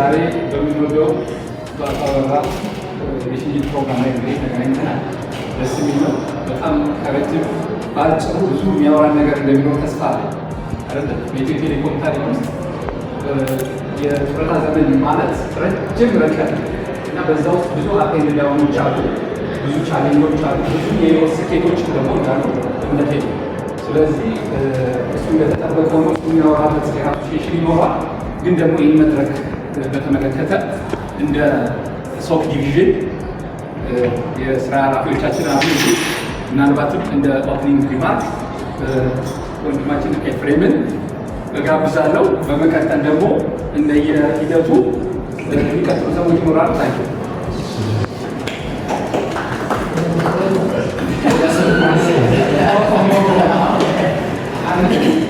ዛሬ በምንወደው በአባበራ የሽኝት ፕሮግራም ላይ እንግዲህ ተገናኝተናል። ደስ የሚል ነው። በጣም ከረጅም በአጭሩ ብዙ የሚያወራን ነገር እንደሚኖር ተስፋ አለ። አይደለ? በኢትዮ ቴሌኮም ታሪክ ውስጥ የጡረታ ዘመን ማለት ረጅም ርቀት እና በዛ ውስጥ ብዙ አቴን ዳውኖች አሉ፣ ብዙ ቻሌንጆች አሉ፣ ብዙ የህይወት ስኬቶች ደግሞ እንዳሉ እምነቴ ነው። ስለዚህ እሱ እንደተጠበቀ ሆኖ እሱ የሚያወራበት ራሱ ሴሽን ግን ደግሞ ይህን መድረክ በተመለከተ እንደ ሶክ ዲቪዥን የስራ ኃላፊዎቻችን አሉ ምናልባትም እንደ ኦፕኒንግ ሪማርክ ወንድማችን ኤፍሬምን እጋብዛለሁ። በመቀጠል ደግሞ እንደየሂደቱ የሚቀጥሉ ሰዎች ይኖራሉ ናቸው። Thank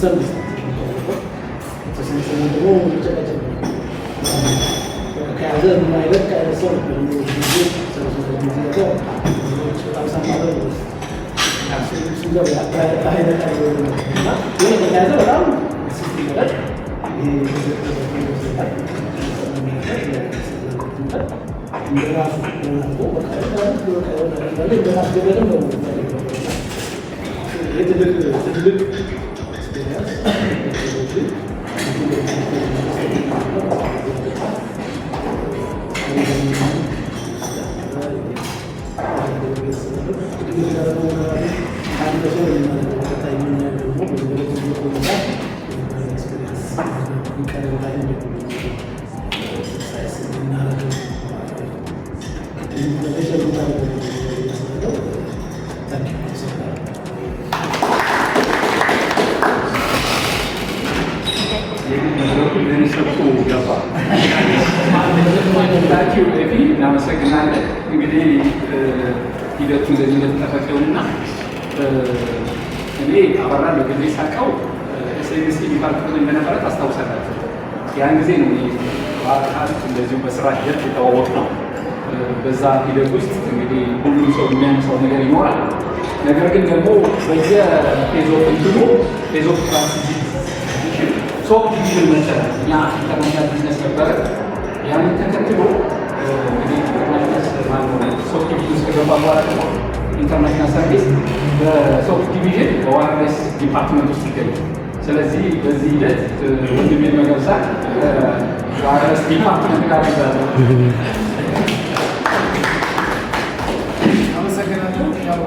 ሰርቪስ ደግሞ ጨቀጨ ከያዘ የማይበቅ አይነት ሰው ነበር። በጣም Thank you. እኔ አበራ ነው ግን ሳውቀው ኤስኤምሲ ዲፓርትመንት እንደነበረ ታስታውሳላችሁ። ያን ጊዜ ነው በአካል እንደዚሁ በስራ ሂደት የተዋወቅ ነው። በዛ ሂደት ውስጥ እንግዲህ ሁሉም ሰው የሚያነሳው ነገር ይኖራል። ነገር ግን ደግሞ በየፌዞፍ እንትኑ ፌዞፍ ትራንዚሽን ሶፍት ዲቪዥን መሰለ እኛ ኢንተርናሽናል ቢዝነስ ነበረ። ያንን ተከትሎ እንግዲህ ኢንተርናሽናል ሶፍት ዲቪዥን ስገባ በኋላ ኢንተርናሽናል ሰርቪስ በሶፍት ዲቪዥን በዋርነስ ዲፓርትመንት ውስጥ ይገኛል። ስለዚህ በዚህ ሂደት ወንድሜ መገብሳ ዋርነስ ዲፓርትመንት ጋር ይዛለ። አመሰግናለሁ።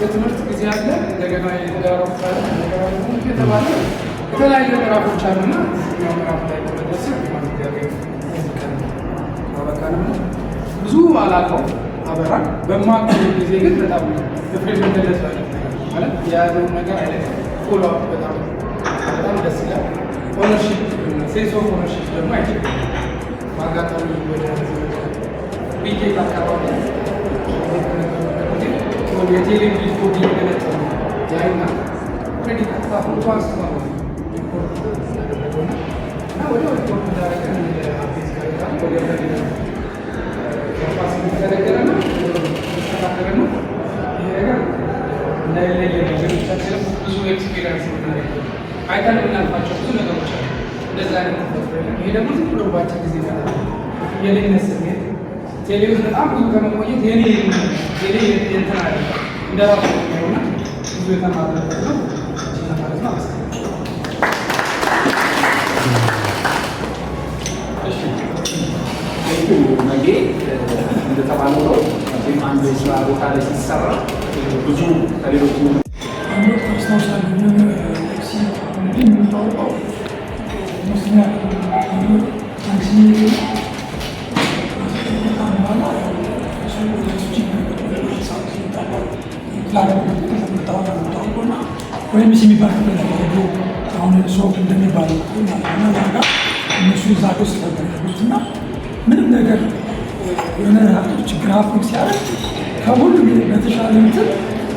የትምህርት ጊዜ አለ። እንደገና የዳሮች አለ። የተለያዩ ምዕራፎች አሉና ምዕራፍ ላይ ተመለስ ብዙ አላቀው አበራ በማቀ ጊዜ ግን በጣም ፍሬሽ መለስ ማለት የያዘው ነገር አለ። ፎሎ በጣም ደስ ይላል። ኦነርሺፕ ሴንስ ኦፍ ኦነርሺፕ ደግሞ አይችልም ማጋጣሚ ወደ BJ Bakkaroğlu. So we are dealing with 14 minutes right now. Pretty good. Who wants to come? అయితే నాకు చెప్తున్నా కొంచెం అంటే దాని ఏడప్పుడు ఇప్పుడు వచ్చే బిజీ కదా ఇయర్లింగ్నెస్ అనేది ቴሌቪዥን በጣም ብዙ ከመቆየት የኔ የኔ እንትን አለ እንደ ራሱ ሆነ ብዙ የተማረበት ነው መጌ እንደተባለው ነው። አንድ የስራ ቦታ ላይ ሲሰራ ብዙ ከሌሎች ወይም ስ የሚባል አሁን ሶፍት እንደሚባለው እነሱ እዛ ውስጥ ነበር ያሉት እና ምንም ነገር የሆነ ግራፊክ ሲያደርግ ከሁሉ በተሻለ እንትን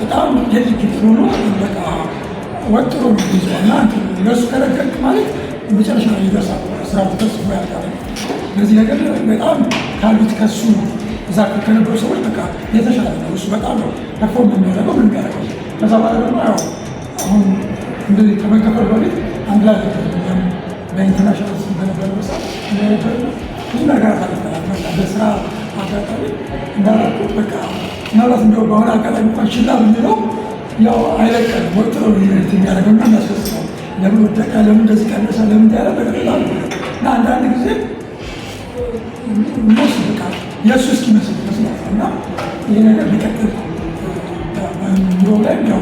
በጣም ዴሊኬት ሆኖ በቃ ወጥሮ ይዘው እና ከለቀቅ ማለት መጨረሻ ይደርሳል ስራ ተስ ያቃል በዚህ ነገር በጣም ካሉት ከሱ እዛ ከነበሩ ሰዎች በቃ የተሻለ ነው። እሱ በጣም ነው ፐርፎርም የሚያደርገው ምን የሚያደርገው ከዛ በኋላ ደግሞ ያው አሁን እንደዚህ ከመከፈል በፊት አንድ ላይ ተከፍልኛም በኢንተርናሽናል ስ በነበረ ሰዓት ብዙ ነገር በስራ አጋጣሚ በቃ ምናልባት እንደው በሆነ አጋጣሚ እንኳን ችላ ብንለው ያው አይለቀንም ወጥሮ ት የሚያደርገው እና የሚያስፈስበው ለምን ወደቀ፣ ለምን እንደዚህ ቀነሰ፣ ለምን ያለ በቀላል እና አንዳንድ ጊዜ ሞስ በቃ የእሱ እስኪመስል መስላል እና ይህ ነገር ሊቀጥል ኑሮ ላይም ያው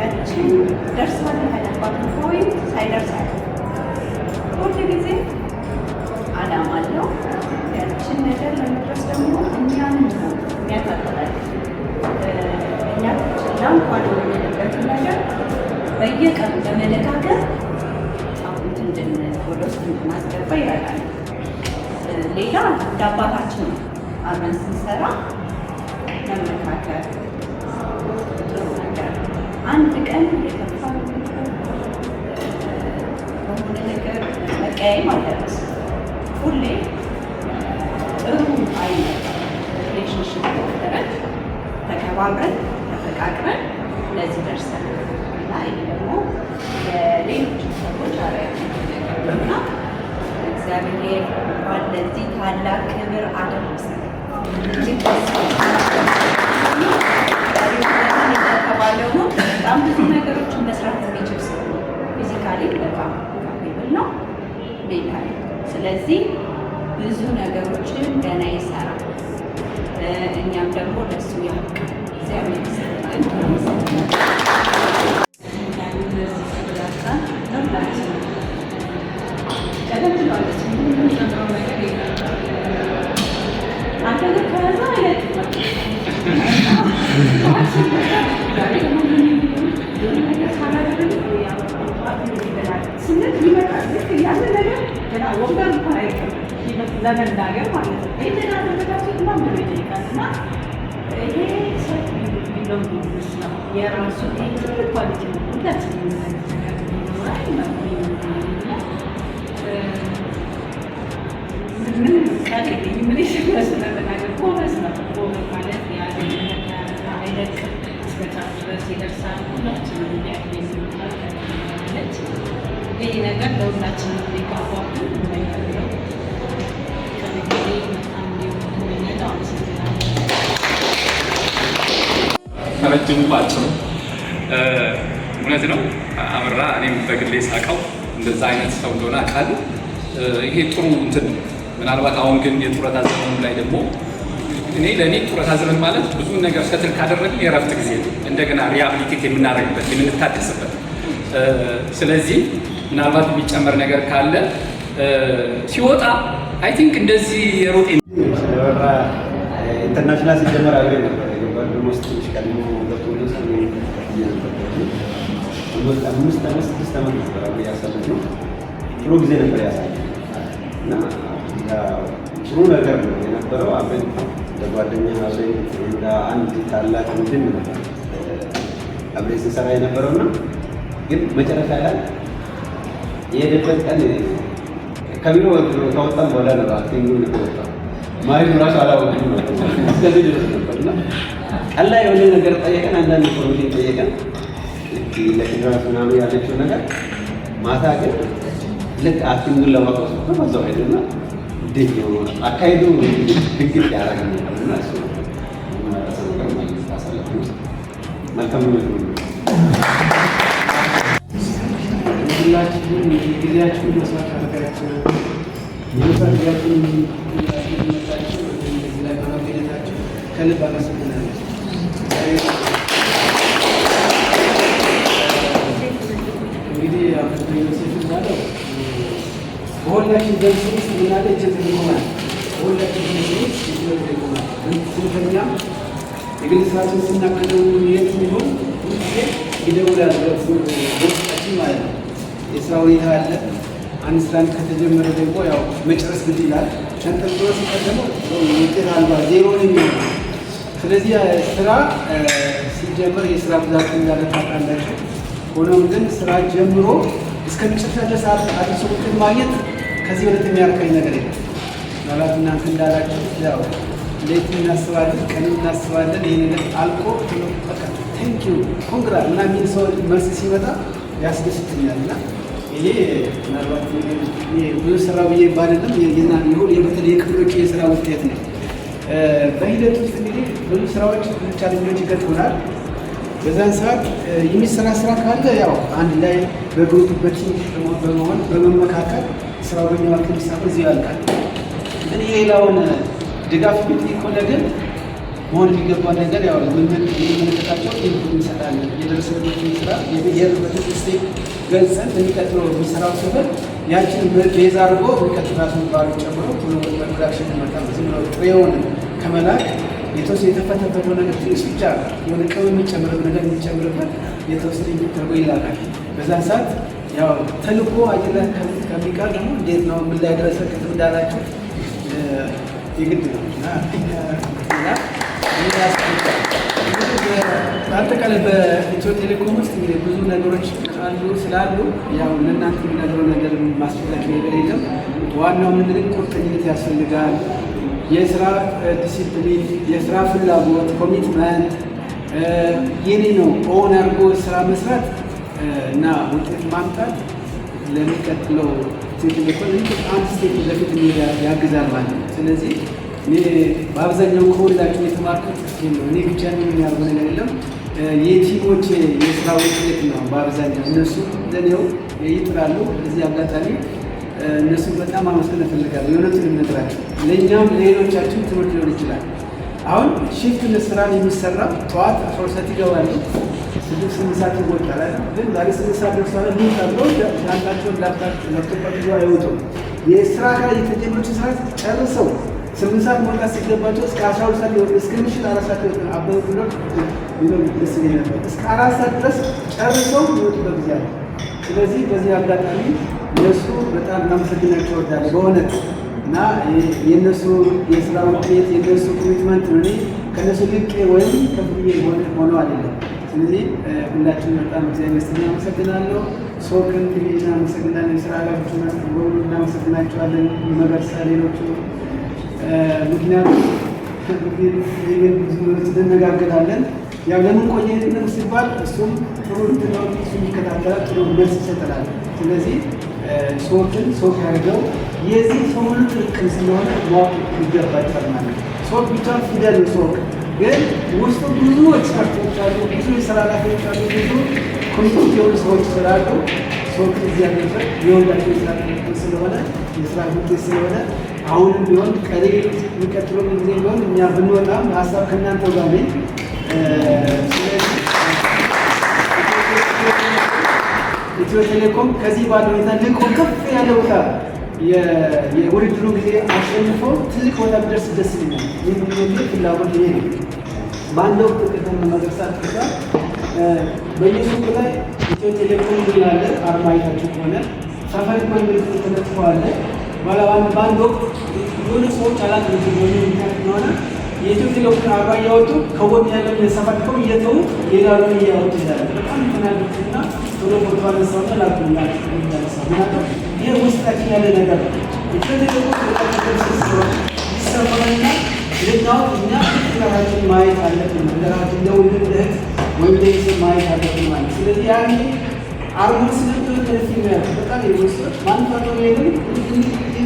ያችን ደርሷል ያለባት ፖይንት ሳይደርስ ሁል ጊዜ አላማ አለው። ያችን ነገር ለመድረስ ደግሞ እኛን የሚያታጥላል። እኛ ችላ እንኳን የምንልበትን ነገር በየቀኑ በመደጋገር አሁንት እንድንል ወደ ውስጥ እንድናስገባ ይረዳል። ሌላ እንደ አባታችን አብረን ስንሰራ መመካከር አንድ ቀን ደግሞ ለሱ ያብቃል። እግዚአብሔር ይመስገን። ለመናገር ማለት ነው። የራሱ ትልቅ ኳሊቲ ነው። ሁላችንም ምንም ቃል ጎበዝ ነው። ጎበዝ ማለት ድረስ ይደርሳል። ሁላችንም ይህ ነገር ለሁላችንም ረጅሙ ባጭሩ እውነት ነው። አምራ እኔም በግሌ ሳቀው እንደዛ አይነት ሰው እንደሆነ አውቃለሁ። ይሄ ጥሩ እንትን ምናልባት አሁን ግን የጡረታ ዘመኑ ላይ ደግሞ እኔ ለእኔ ጡረታ ዘመን ማለት ብዙ ነገር ሰትል ካደረግን የእረፍት ጊዜ ነው። እንደገና ሪሃብሊቴት የምናደርግበት የምንታደስበት። ስለዚህ ምናልባት የሚጨመር ነገር ካለ ሲወጣ አይ ቲንክ እንደዚህ የሮጤ ኢንተርናሽናል ሲጀመር አብሬ ነበር ኦልሞስት ትንሽ ቀድሞ ገብቶ ሳሚ ነበር አምስት ዓመት ስድስት ዓመት ነበር ያሳለፍ ነው። ጥሩ ጊዜ ነበር ያሳየ እና ጥሩ ነገር ነው የነበረው። አብረን እንደ እንደ አንድ ታላቅ ምድን ነበር ስንሰራ የነበረው እና ግን መጨረሻ ላይ የሄደበት ቀን ከቢሮ ከወጣም በኋላ ነው ራሱ አላወቅም ነው እስከዚህ ድረስ ነው እና ቀላል የሆነ ነገር ጠየቀን፣ አንዳንድ ኮሚቴ ጠየቀን ለፌዴራል ምናምን ያለችው ነገር ማታ ግን ልክ አክቲንግን ለማቆስ በዛው ሄደና ነው አካሄዱ ድግግት ያደረገ ነበር እሱ መልካም ነው ጊዜያችሁን መስዋዕት አደረጋችሁ ከልብ አመሰግናለሁ። እንግዲህ አቶ ዮሴፍ እንዳለው በሁላችን ዘንድ ውስጥ ምናለ ችግር ይሆናል። በሁላችን ዘንድ ውስጥ ችግር ይሆናል። ስንተኛ የግል ስራችን ስናከለው የት የሚሆን ሁልጊዜ ይደውላል። በውስጣችን ማለት ነው። የስራ ሁኔታ አለ። አንድ ስራን ከተጀመረ ደግሞ ያው መጨረስ ግድ ይላል። ተንጠልጥሎ ሲቀደመው ውጤት አልባ ዜሮ የሚሆነው ስለዚህ ስራ ሲጀምር የስራ ብዛት እንዳለ ታውቃላችሁ። ሆኖም ግን ስራ ጀምሮ እስከ መጨረሻ ድረስ አዲስ ውጤት ማግኘት ከዚህ በለት የሚያርካኝ ነገር የለም። ምናልባት እናንተ እንዳላችሁ ያው ሌት እናስባለን፣ ቀን እናስባለን። ይህ ነገር አልቆ በቃ ኮንግራ እና ሚል ሰው መልስ ሲመጣ ያስደስትኛል እና ይሄ ምናልባት ብዙ ስራ ብዬ ባለንም የሆነ የበተለይ የክፍሎች የስራ ውጤት ነው። በሂደት ውስጥ እንግዲህ ብዙ ስራዎች ቻለንጆች ይገጥሙናል። በዛን ሰዓት የሚሰራ ስራ ካለ ያው አንድ ላይ በግሩፕ በቲም በመሆን በመመካከል ስራው በሚዋክ ሚሳፈ እዚህ ያልቃል። ግን የሌላውን ድጋፍ የሚጠይቅ ሆነ ግን መሆን የሚገባ ነገር ያው የምንመለከታቸው ይህ እንሰጣለን። የደረሰበትን ስራ የብሔርበትን ስቴ ገልጸን የሚቀጥለው የሚሰራው ስፍር ያችን ቤዛ አድርጎ በቀጥታ እሱን ጨምሮ ሁሉ ፕሮዳክሽን ይመጣ ዝም ብሎ ጥሬውን ከመላክ የተወሰ የተፈተፈተ ነገር ትንሽ ብቻ የሆነ ቅመም የሚጨምርበት ነገር የሚጨምርበት የተወሰነ የሚተርጎ ይላካል። በዛ ሰዓት ያው ተልኮ አጀንዳ ከሚቀር ደግሞ እንዴት ነው ምን ላይ ደረሰ ቅድም እንዳላቸው የግድ ነው እና አጠቃላይ በኢትዮ ቴሌኮም ውስጥ እንግዲህ ብዙ ነገሮች አሉ ስላሉ ያው ለእናንተ የምነግረው ነገር ማስፈላጊ ነገር የለም። ዋናው ምንድን ቁርጠኝነት ያስፈልጋል። የስራ ዲሲፕሊን፣ የስራ ፍላጎት፣ ኮሚትመንት የኔ ነው ኦን አድርጎ ስራ መስራት እና ውጤት ማምጣት ለሚቀጥለው ቴሌኮም አንድ ስቴፕ ለፊት ያግዛል ማለት ነው። ስለዚህ በአብዛኛው ከሁላችሁ የተማርኩት እኔ ብቻ የሚያደርጉ ነገር የለም። የቲሞች የስራ ውጤት ነው። በአብዛኛው እነሱ ለኔው ይጥራሉ። እዚህ አጋጣሚ እነሱ በጣም አመስገን እፈልጋለሁ። የእውነቱን የምነግራቸው ለእኛም ለሌሎቻችን ትምህርት ሊሆን ይችላል። አሁን ሽፍት ስራ የሚሰራ ጠዋት አስራ ሁለት ሰዓት ይገባሉ። ስድስት ስምንት ሰዓት ይወጣል። ግን ዛሬ ስምንት ሰዓት ደርሷል ሚታለው ያላቸውን ላፕቶፕ ይዘው አይወጡም። የስራ ጋር የተጀመሩትን ስራ ጨርሰው ስምንት ሰዓት መውጣት ሲገባቸው እስከ አስራ ሁለት ሰዓት ይወጡ እስከ ምሽት አራት ሰዓት ይወጡ አበበ ብሎት ደስ ይለኝ ነበር። እስከ አራት ሰዓት ድረስ ጨርሰው ይወጡበት ጊዜ አለ። ስለዚህ በዚህ አጋጣሚ እነሱ በጣም እናመሰግናቸው እወዳለሁ በእውነት እና የእነሱ የስራ ውጤት የእነሱ ኮሚትመንት ሆኔ ከእነሱ ልቅ ወይም ከፍዬ ሆነው አይደለም። ስለዚህ ሁላችን በጣም እግዚአብሔር ይመስገን አመሰግናለሁ። ሶክን እናመሰግናለን። የስራ ኃላፊዎች እናመሰግናቸዋለን። መበርሳ ሌሎቹ ምክንያቱም እንነጋገራለን ያለምን ቆየትነት ሲባል እሱም ጥሩ ልትናው እሱ ይከታተላል፣ ጥሩ መልስ ይሰጠናል። ስለዚህ ሶትን ሶት ያደርገው የዚህ ሰውን ጥቅም ስለሆነ ማወቅ ይገባቸዋል ማለት ሶት ብቻ ፊደል ሶት ግን ውስጡ ብዙ ኤክስፐርቶች አሉ፣ ብዙ የስራ ኃላፊዎች አሉ፣ ብዙ ኮሚኒቲ የሆኑ ሰዎች ስላሉ ሶት እዚህ ያለበት የወዳቸው የስራ ስለሆነ የስራ ጉዳይ ስለሆነ አሁንም ቢሆን ቀሪ የሚቀጥለው ጊዜ ቢሆን እኛ ብንወጣም ሀሳብ ከእናንተ ጋር ነኝ። ኢትዮ ቴሌኮም ከዚህ ባለ ሁኔታ ልቆ ከፍ ያለ ቦታ የውድድሩ ጊዜ አሸንፎ ትልቅ ቦታ ቢደርስ ደስ ይለኛል። ይህ ምኞቴ ፍላጎት ይሄ ነው። በአንድ ወቅት ቅድም መገርሳት ሳ በየሱቁ ላይ ኢትዮ ቴሌኮም ብላለ አርማ አይታችሁ ከሆነ ሳፋሪኮም ምልክት ተለጥፎ አለ በአንድ ወቅት የሆነ ሰዎች አላት ሆነ የኢትዮ ቴሌኮም አባ እያወጡ ከጎን ያለው የሰፋድከው እየተው ሌላሉ እያወጡ ይላል። በጣም ተናድኩና ቶሎ ፎቶ አነሳውና ላኩላ ይህ ውስጣችን ያለ ነገር ኢትዮ ቴሌኮም ይሰማልና ልናውቅ እኛ ነገራችን ማየት አለብን። ነገራችን ለወንድም ለእህት ወይም ለቤተሰብ ማየት አለብን ማለት ስለዚህ ያኔ አርሞ ስለቶ ተለፊ በጣም የወስ ማንፋቶ ሄድን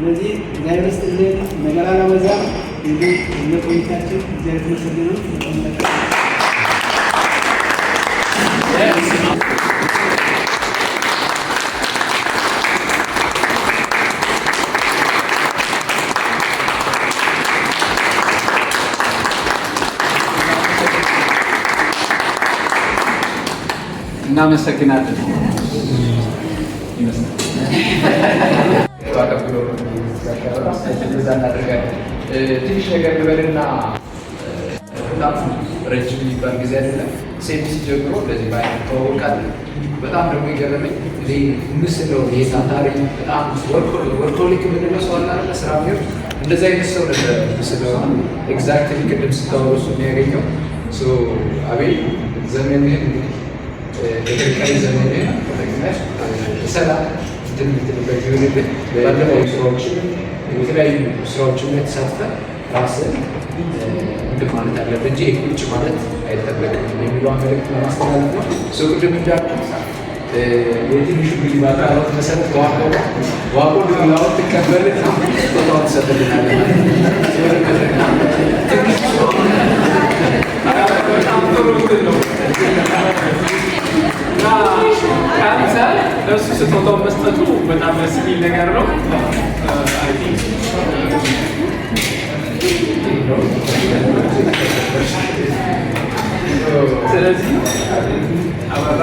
እነዚህ እግዚአብሔር ይስጥልን። ነገር አላበዛም። ቆይታችን እግዚአብሔር ይመስገን ነው። እናመሰግናለን። አቀብሎ እናደርጋለን። ትንሽ ነገር ልበልና በጣም ረጅም የሚባል ጊዜ አይደለም። ሴሚስ ጀምሮ እንደዚህ ባይ ተዋወቃለን። በጣም ደግሞ የገረመኝ ምስ ነው የታታሪ በጣም ወርኮሊክ የምንለው ሰው አለ ስራ ሚሆን እንደዚ አይነት ሰው ነበረ። ምስ ኤግዛክትሊ ቅድም ስታወሩ እሱ የሚያገኘው አቤል ዘመንህን የቀጣይ ዘመንህን ሰላም እንትን የምትልበት ይሁንብን። ባለፈው ስራዎችን የተለያዩ ስራዎችን ላይ ተሳትፈን ራስን እንትን ማለት አለብን እንጂ ቁጭ ማለት አይጠበቅም የሚለው መልዕክት ለማስተላለፍ ነው። ሰው ቅድም እንዳልኩት የትንሹ ግል ባጣራት መሰረት ዋቆ ዋቆ ድላውን ትቀበልና ቦታውን ትሰጥልናለህ ማለት ነው። ለእሱ ስጦታው መስጠቱ በጣም ደስ የሚል ነገር ነው። ስለዚህ አበራ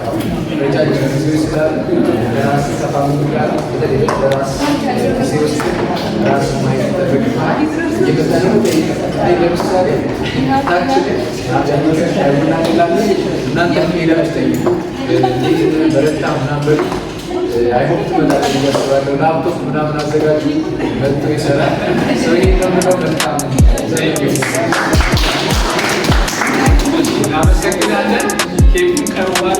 ረጃጅም ጊዜዎች ስላሉ ለራስ ከፋሚሊ በተለይ ለራስ ጊዜ ውስጥ ራስ ማየት ይጠበቅ የበዛነው ጠይቀ ለምሳሌ ታችን አብዛኛው እናንላለን እናንተ ሄዳችሁ ጠይቁ በረታ ምናበሉ አይሆን ትመጣለ እያስባለሁ ላፕቶፕ ምናምን አዘጋጁ መጥቶ ይሰራል ሰው ይሄ ከምለው በጣም አመሰግናለን ኬኩ ቀርቧል